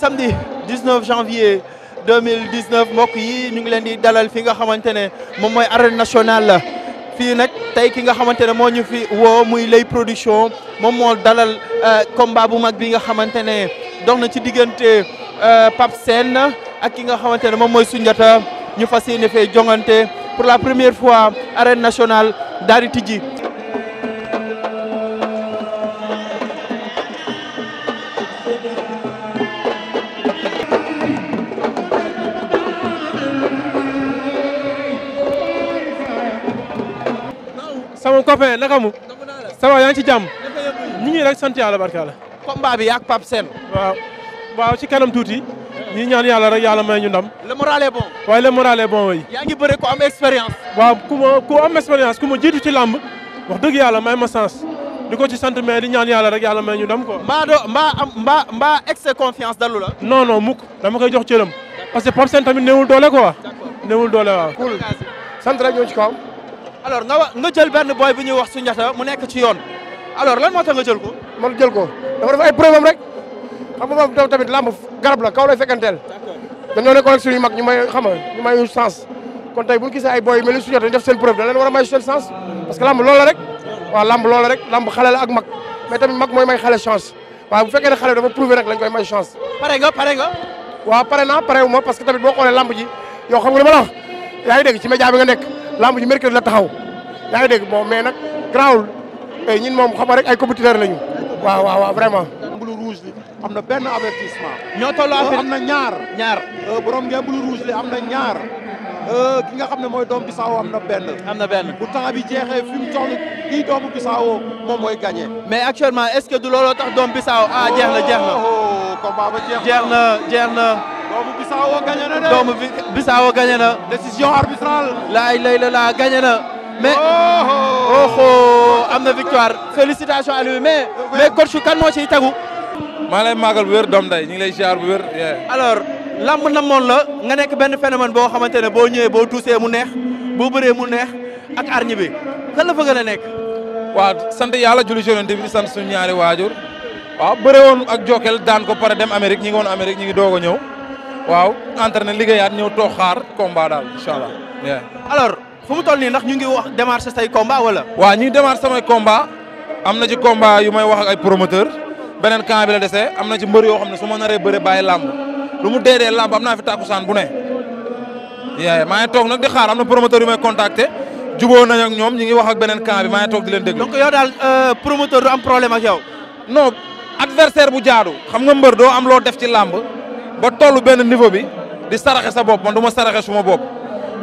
samedi 19 janvier 2019 mbokk yi ñu ngi leen di dalal fi nga xamante ne moom mooy arène nationale la fii nag tey ki nga xamante ne moo ñu fi woo muy lay production moom moo dalal euh, combat bu mag bi nga xamante ne dox na ci diggante euh, Pape Sène ak ki nga xamante ne moom mooy Soundiata ñu fas yéene fee jongante pour la première fois arène nationale daal di tijji sama copain naka mu. ça yaa ngi ci jàmm. ñu ngi rek sant yàlla barka la. combat bi yaak Pape Sène. waaw waaw ci kanam tuuti. ñi ñaan yàlla rek yàlla may ñu ndam. le moral est bon. waaye le moral est yaa ngi bëre ku am expérience. waaw ku ma ku am expérience ku ma jiitu ci làmb wax dëgg yàlla may ma sens. di ko ci sant mais di ñaan yàlla rek yàlla may ñu ndam quoi. mbaa doo mbaa am mbaa mbaa excès confiance dalu la. non non dama koy jox cëram. parce que Pape Sène tamit néewul doole quoi. néewul doole waaw. sant rek ñoo ci kawam. wa nga jël benn boy bu ñuy wax Soundiata mu nekk ci yoon alors lan moo tax nga jël ko. man jël ko dafa def ay problème rek xam nga moom sens kon tey bu ñu gisee ay boy yu mel preuve da war a may sens pare nga pare naa pare wu parce que tamit boo xoolee lamb ji yow xam nga li la wax yaa ci média bi nga nekk lamb ji mercredi la taxaw yaa ngi dégg bon mais nag grawul tey eh, ñun moom xama rek ay compétiteur lañu waaw waaw vraiment. bulu rouge li am na benn avertissement. ñoo tolloo am na ñaar. ñaar eh, borom ngeen bulu rouge li am na ñaar. Eh, ki nga xam ne mooy doom Bisaawo am na benn. am na benn bu temps bi jeexee fi mu toll kii doomu Bisaawo moom mooy gagné. mais actuellement est-ce que du looloo tax doom Bisaawo ah jeex na jeex na. Oh, oh, combat ba jeex na jeex na jeex na. Bissaawo gagné na de. doomu Bissaawo gagné na. décision arbitrale. laay lay la laa gagné na. mais oh, oh. am na victoire félicitations à lui mais mais coach kan moo ciy tagu. maa lay màggal bu wér doom day ñu ngi lay ziar bu wér. alors lamb namoon la nga nekk benn phénomène boo xamante ne boo ñëwee boo tuusee mu neex boo bëree mu neex ak ar bi kan la fa gën a nekk. waa sant yàlla julli ci Yonent bi sant suñu ñaari waajur. waa bëre woon ak Jokal daan ko pare dem Amérique ñi ngi woon Amérique ñi ngi doog a ñëw. waaw entraîné liggéeyaat ñëw toog xaar combat daal incha allah. alors fu mu tol nii ndax ñu ngi wax démarché say komba wala. waaw ñu ngi démarché samay combat am na ci combat yu may wax ak ay promoteur beneen camp bi la dese am na ci mbër yoo xam ne su ma naree bëre baay lamb lu mu dee dee làmb am naa fi takkusaan bu ne. yaa maa ngi toog nag di xaar am na promoteur yu may contacter juboo nañ ak ñoom ñi ngi wax ak beneen camp bi maa ngi toog di leen daal euh, promoteur du am problème ak yow. non adversaire bu jaadu xam nga mbër doo am loo def ci làmb. ba toll benn niveau bi di saraxe sa bopp man du ma saraxe suma bopp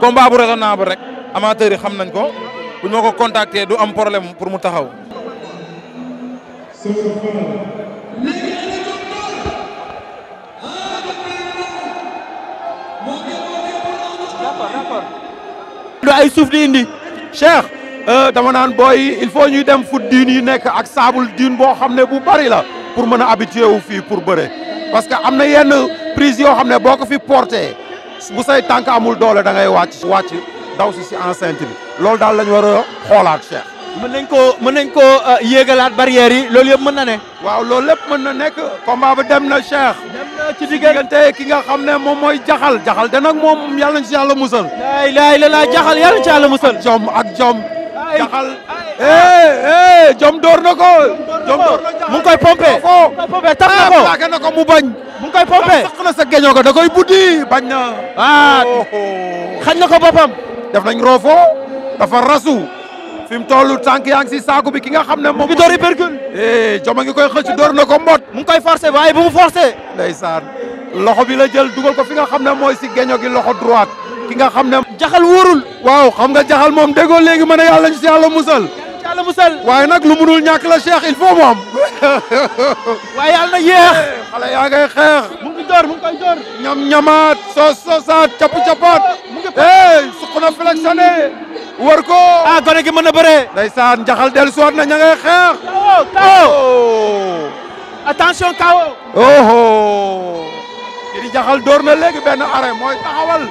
combat bu raisonnable rek amateur yi xam nañ ko bu ñu ma ko contacter du am problème pour mu taxaw. du ay suuf di indi Cheikh euh, dama naan booy il faut ñuy dem fu diin yi nekk ak saabul diin boo xam ne bu bari la pour mën a habitué wu fii pour bëre parce que am na yenn prise yoo xam ne boo ko fi porté bu say tànk amul doole da ngay wàcc wàcc daw si si enceinte bi loolu daal la ñu war a xoolaat Cheikh. mën nañ koo mën nañ koo euh, yéegalaat barrières yi loolu yëpp mën na ne. waaw lool lépp mën na nekk combat ba dem na Cheikh. dem na ci diggante ki nga xam ne moom mooy jaxal jaxal de nag moom yàlla nañ ci la musal. laay laay la laa jaxal yàlla nañ ci yàlla musal. jom ak jom. jaxal. Eh, eh, jom door na ko. jonkoor mu ngi koy pompé taf na ko ah, plaqué na ko mu bañ. mu ngi koy pompé sax na sa geñoo ko da koy buddi bañ na. ah xañ na ko boppam. def nañ roofo dafa rasu. fi mu toll tànk si saako bi ki nga xam ne moom. mu ngi door hypercule. Eh, joma ngi koy xëcc door na ko mbot mu ngi koy forcé waaye bu mu forcé. ndeysaan loxo bi la jël dugal ko fi nga xam ne mooy si geño gi loxo droite. ki nga xam ne. jaxal wóorul. waaw xam nga jaxal moom déggoo léegi mën ne yàlla ñu si yàlla musal. yàlla musal. waaye nag lu munul ñàkk la Cheikh il faut mu am. waaye yàlla na yéex. xale yaa ngay xeex. mu ngi door mu ñam ñamaat soos soosaat capp cappaat. mu ngi hey suq na flexionné. war ko. ah gone gi mën na bëree. ndeysaan njaxal dellu siwaat na ña xeex. oh kawo attention kawo. oh. di jaxal door na léegi benn arrêt mooy taxawal.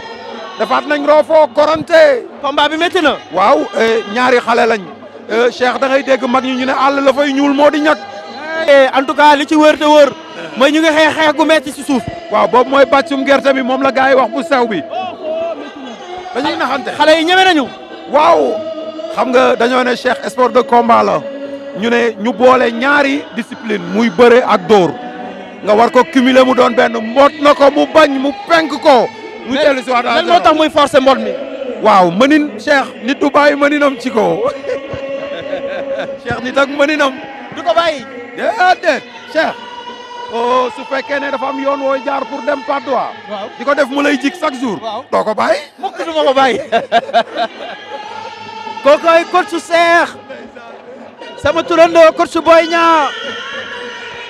defaat nañ roofoo korante. combat bi métti na. waaw eh, ñaari xale lañ. Eh, Cheikh da ngay dégg mag ñi ñu ne àll la fay ñuul moo di ñag. Eh, en tout cas li ci wër te wër. mooy ñu ngi xeex xeex gu metti ci suuf. waaw boobu mooy bàccum gerte bi moom la gars yi wax bu sew bi. dañuy naxante xale yi ñeme nañu. waaw xam nga dañoo ne Cheikh sport de combat la ñu ne ñu boole ñaari discipline muy bëre ak dóor nga war ko cumuler mu doon benn mboot na ko mu bañ mu penk ko. mu dellu si waat lan moo tax muy forcer mboot mi. waaw mënin Cheikh nit du bàyyi mëninam ci ko. Cheikh nit ak mëninam. du ko bàyyi. déedéet Cheikh. oh su fekkee ne dafa am yoon wooy jaar pour dem Patte d'Oie. waaw di ko def mu lay jik chaque jour. waaw doo ko bàyyi. mukk du ma ko bàyyi. kookoy kot su Cheikh. sama turandoo kot su Boy Niang.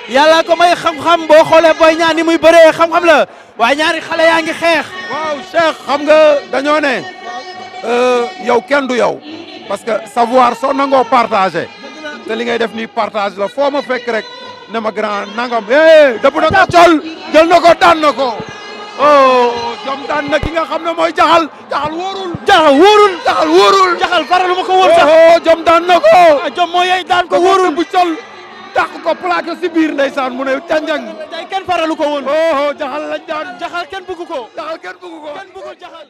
yàlla ko may xam-xam boo xoolee Boy Niang ni muy bëree xam-xam la waaye ñaari xale yaa ngi xeex. waaw Cheikh xam nga dañoo ne. Euh, yow kenn yow. parce que savoir soo nangoo partagé. te li ngay def nii partage la foo ma fekk rek ne ma grand nangam eh dëpp na ko col jël na ko daan na ko oh, jom daan na ki nga xam ne mooy jaxal jaxal wóorul. jaxal wóorul jaxal wóorul. jaxal faralu ma ko wóor sax oh, oh jom daan na ko. Ah, jom moo yey daan ko wóorul bu col. dàq ko plaqué si biir ndeysaan mu ne janjang. tey faralu ko woon. oh, oh jaxal jaxal kenn bëggu jaxal kenn bëggu ko kenn jaxal.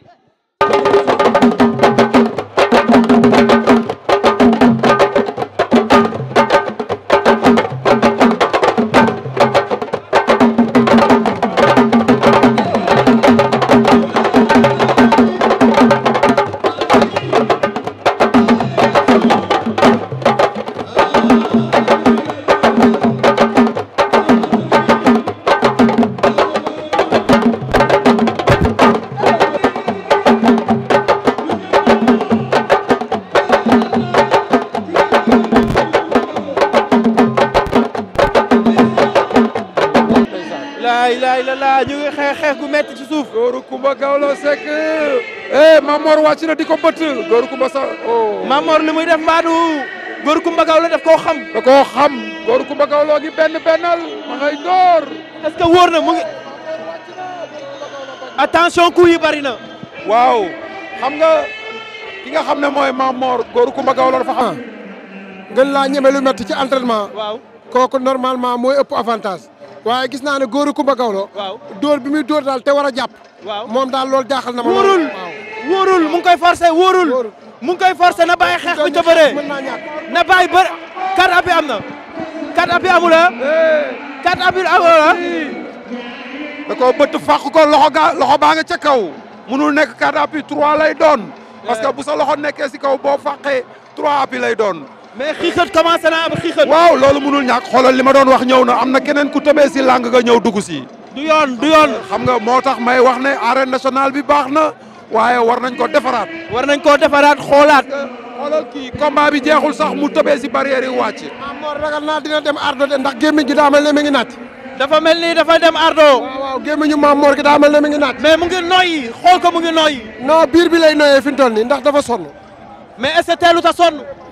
laa ilaaha illallaah ñu ngi xeex xeex gu metti ci suuf. góoru Kumba Gawlo Seck. eh Mamor wàcc na di ko bëtt. góoru oh. li muy def mbaadu góoru Kumba Gawlo daf koo xam. da koo xam. góoru Kumba Gawlo gi benn bennal ma ngay door. est-ce na mu ngi. attention coup yi bari waaw xam nga ki nga xam ne mooy Mamor góoru Kumba Gawlo dafa xam. Ah. gën laa ñeme lu métti ci entraînement. waaw kooku normalement mooy ëpp avantage. waaye gis naa ne góoru Kumba Gawlo waaw dóor bi muy dóor daal te war a jàpp waaw moom daal loolu jaaxal na ma wóorul wóorul mu koy forcé wóorul mu ngi koy forcé na bàyyi xeex bi ca bëree na bàyyi bër kat abi am na kat abi amula ah. kat abi amula ah. da koo bëtt fàq ko loxo ga loxo baa nga ca kaw munul nekk kat abi trois lay doon eh. parce que bu sa loxo nekkee si kaw boo fàqee trois abi lay doon mais xiixat commencé naa am xiixat. waaw loolu mënul ñàkk xoolal li ma doon wax ñëw na am na keneen ku tëbee si làng nga ñëw dugg si. du yoon xam nga moo tax may wax ne arène national bi baax na waaye war nañ koo defaraat. war nañ koo defaraat xoolaat. xoolal kii combat bi jeexul sax mu tëbee si barrière yi wàcc. ah moo naa dina dem ardo de ndax gémmiñ gi daa mel ne mi ngi naat. dafa mel ni dafa dem ardo waaw waaw gémmiñu maam moor gi daa mel ne mi ngi naat. mais mu ngi noyyi xool ko mu ngi noyyi. non biir bi lay noyyee fi mu toll nii ndax dafa sonn. mais est-ce que teelu ta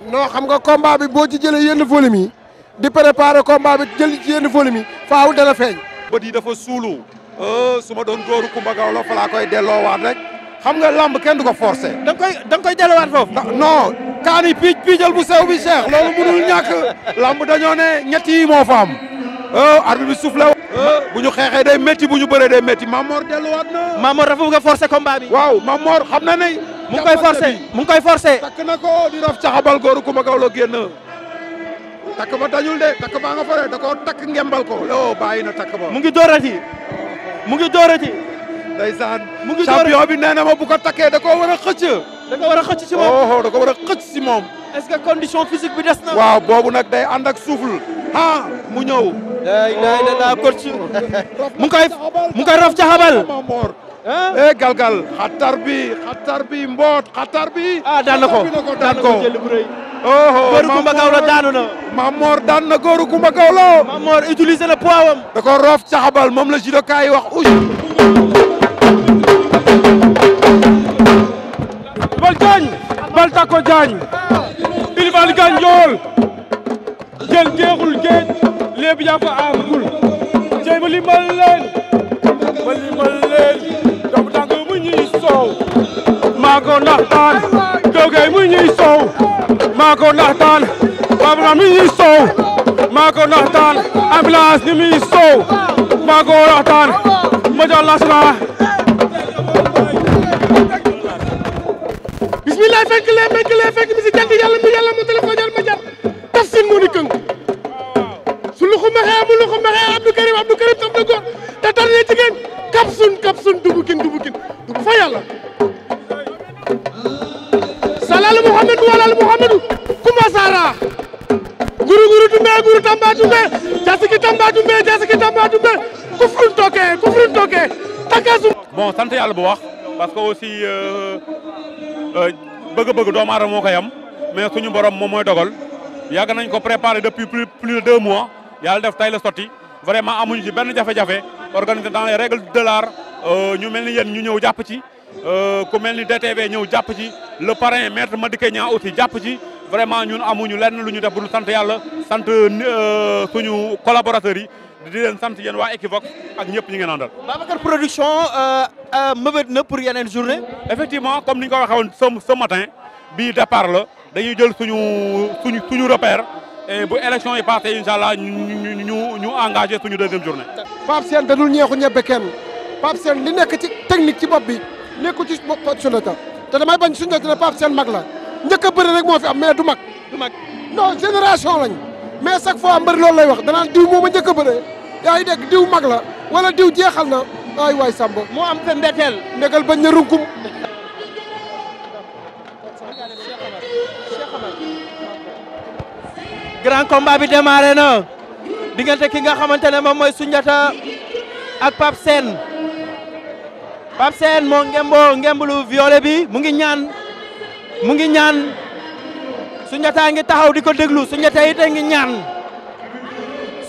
non xam nga combat boo ci jëlee yenn volume di préparer combat bi jël ci yenn volume yi faaw dala feeñ. bët yi dafa suulu euh, su ma doon góoru Kumba Gawlo fa laa koy delloowaat rek xam nga lamb kenn du ko forcer. da nga koy da koy delloowaat foofu. non kaani piic piical bu sew bi Cheikh. loolu mënul ñàkk lamb dañoo ne ñett yi moo fa am. Euh, arbitre bi soufflé euh, bu ñu xeexee day métti bu ñu bëree day métti Mamor delluwaat na. Mamor dafa bëgg a forcer combat bi. waaw Mamor xam na ne. mu ngi koy forcé mu ngi koy forcé takk na ko di raf caxabal góoru ku ma kaw la génn takk ba dañul de takk baa nga fare da koo takk ngembal ko loo bàyyi na takk ba mu ngi doorati mu ngi bi nee na ma ko takkee da koo war a xëcc da ko war a xëcc si moom oh da ko war xëcc si moom est-ce que condition physique bi des na waaw boobu nag day ànd ak souffle ah mu ñëw la ilaha illallah coach mu ngi koy mu ngi koy raf e galgal xatar bi xatar bi mboot xatar bi ah daan na ko daan ko oh góoru Kumba Gawlo daanu na Mamor daan na góoru Kumba Gawlo Mamor utiliser na poids am roof caxabal moom la judoka yi wax us bal jaañ bal tako jaañ il bal gaañ jeexul géej léeb yaa fa aagul cey ma limal leen maa ko naxtaan Dogay mu ñuy soow maa ko naxtaan Babougan mu ñuy soow maa ko naxtaan ambulance ni muy soow maa ko naxtaan Madior Lassana bismillah fekk lee fekk lee fekk mi si jant yàlla mi yàlla mu téléphone ma jàll tafsin mu ni këng su luxu maxee amul luxu maxee Abdou Karim Abdou Karim Tambacounda jasiki Tambacounda jasiki Tambacounda Kufrin Toke Kufrin Toke Takasum. bon sant yàlla bu wax parce que aussi euh, euh, bëgg-bëgg doomu aadama moo koy am mais suñu borom moom mooy dogal yàgg nañ ko préparer depuis plus plus de deux mois yàlla def tay la sotti vraiment amuñu ci benn jafe-jafe organisé dans les règles de l'art euh, ñu mel ni yéen ñu ñëw jàpp ci ku mel ni DTV ñëw jàpp ci le parrain ma Madické ñaa aussi jàpp ci. vraiment ñun amuñu lenn lu ñu def bu sant yàlla sant euh, suñu collaborateurs yi di leen sant yeen waa Equivox ak ñëpp ñi ngeen àndal. Babacar production euh, euh, mëbët na pour yeneen journée. effectivement comme ni ñu ko waxee woon ce matin bii départ la dañuy jël suñu suñu suñu repère et bu élection yi passé incha allah ñu ñu ñu engagé suñu deuxième journée. Pape Sène dadul ñeexu ñebe kenn Pape Sène li nekk ci technique ci bopp bi nekkul ci bopp suñu la te damay bañ suñu la te Pape mag la. njëkk a bëri rek moo fi am mais du mag. du mag non génération lañ mais chaque fois mbër lay wax danaan diw moom a njëkk a bëree diw mag la wala diw jeexal na ay waay Samba. moo am te ndeteel. ndegal bañ na runkum. grand combat bi démarré na diggante ki nga xamante ne moom mooy Sunjata ak Pape Sène Pape moo ngemboo ngemblu violet bi mu ngi ñaan. mu ngi ñaan Soundiata ngi taxaw di ko déglu Soundiata it ngi ñaan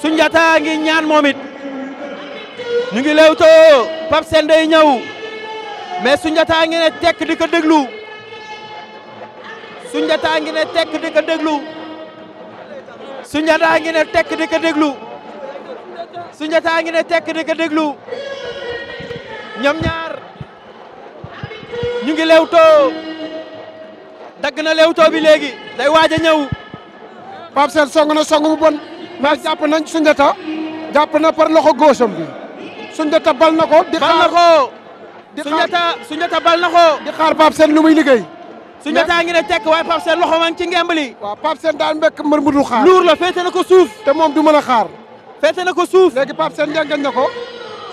Soundiata ngi ñaan moom it ñu ngi lewtoo Pape Sène day ñëw mais Soundiata ngi ne tekk di ko déglu Soundiata ngi ne tekk di ko déglu Soundiata ngi ne tekk di ko déglu Soundiata ngi ne tekk di ko déglu ñoom ñaar ñu ngi lewtoo dagg na Leewtoo bi léegi day waaj a ñëw. Pape song na song bu bon mais jàpp nañ Soundiata jàpp na par loxo góosam bi Soundiata bal na ko. di xaar bal na ko di xaar Soundiata Soundiata bal na ko. di xaar Pape Sène lu liggéey. Soundiata ngi ne tekk waaye Pape Sène loxo maa ngi ci ngemb li. waaw Pape Sène daan mbekk mbër mu xaar. luur la féete na ko suuf. te moom du mën a xaar. féete na ko suuf léegi Pape Sène njëngeñ na ko.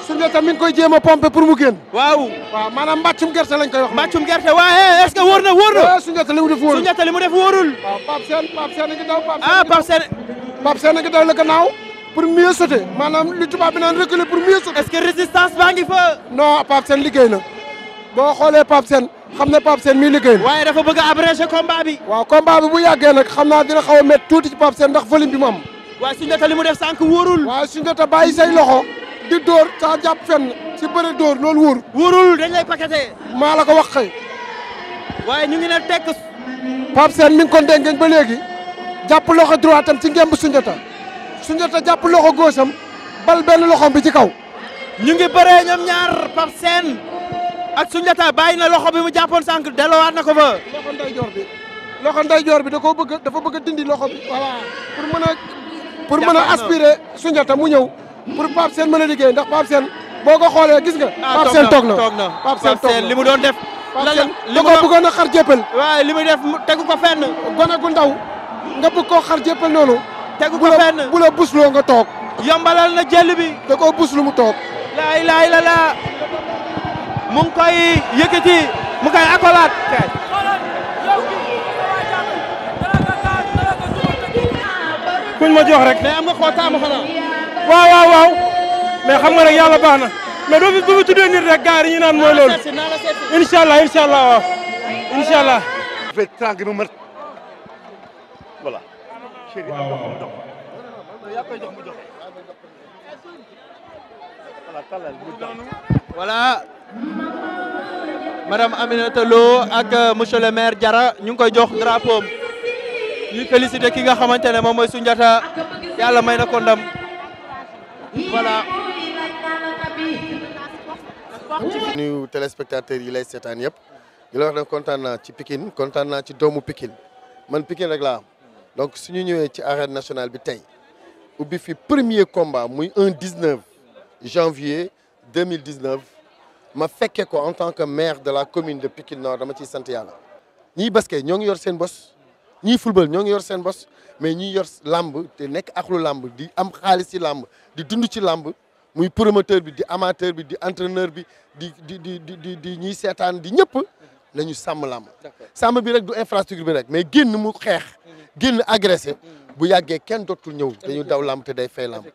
surga tam mi ngi koy jéem a pomper pour mu génn. waaw waaw maanaam mbàccum gerte lañ koy wax. mbàccum gerte waaye eh, eh, est-ce na wóor na. Eh, Soundiata li mu def wóorul Soundiata li mu def wóorul. waaw Pape Sène a ngi daw. ah Pape Sène a ngi daw la ah, gannaaw pour mieux sauter maanaam lu tubaab bi naan reculer pour mieux sauter. résistance baa ngi fa. non Pape Sène liggéey na boo xoolee Pape Sène xam ne Pape Sène mii liggéey na. waaye dafa bëgg a abréger combat bi. waaw combat bi bu yàggee nag xam naa dina xaw a métti tuuti ci Pape bi mu am. waaye Soundiata li mu def sànq wóorul. waaye Soundiata bàyyi di dóor saa jàpp fenn si bëre dóor lool wóor. wóorul dañ lay paqueté. maa la ko wax xëy. waaye ñu ngi ne tekk. Pape Sène mi ko dénk ba léegi jàpp loxo droit am ci ngemb Sunjata Sunjata jàpp loxo gauche bal benn loxo bi ci kaw. ñu ngi bëree ñoom ñaar Pape Sène ak Sunjata bàyyi na loxo bi mu jàppoon sànq delloowaat na ko fa. loxo ndeyjoor bi bi da koo bëgg dafa bëgg a dindi loxo bi. voilà pour mën a pour mën a aspirer Sunjata mu ñëw. pour Pape Sène mën a liggéey ndax Pape Sène boo ko xoolee gis nga. Pape Sène toog na Pape toog na li mu doon def. lan la li mu a xar jéppal. waaw li mu def tegu ko fenn. gone gu ndaw nga koo xar jéppal noonu. tegu ko fenn bu la busloo nga toog. yombalal na jël bi. da koo buslu mu toog. laa ilaaha illallaah mu koy yëkkati mu koy akolaat. kuñ ma jox rek. mais am nga waaw waaw waaw mais xam nga rek yàlla baax na mais doo fi bu fi tuddee nit rek gars yi ñu naan mooy loolu incha allah incha allah waaw incha allah. Aminata Lo ak euh, monsieur le maire Diarra ñu ngi koy jox drapeau am ñuy félicité ki nga xamante ne moom mooy Soundiata yàlla may na ko voilà. nuyu téléspectateurs yi lay seetaan yëpp di la wax ne kontaan naa ci pikin kontaan naa ci doomu Pikine man Pikine rek laa donc su ñu ñëwee ci arène national bi tey ubbi fi premier combat muy un 19 janvier 2019 ma fekkee ko en tant que maire de la commune de Pikine Nord dama ciy sant yàlla ñiy basket ñoo ngi yor seen bos. ñiy football ñoo ngi yor seen bos mais ñiy yor làmb te nekk ak lu làmb di am xaalis ci làmb di dund ci làmb muy promoteur bi di amateur bi di entraîneur bi di di di di di ñiy seetaan di ñëpp nañu sàmm làmb sàmm bi rek du infrastructure bi rek mais génn mu xeex mhm. génn agressé mhm. bu yàggee kenn dootul ñëw dañu daw làmb te day fay làmb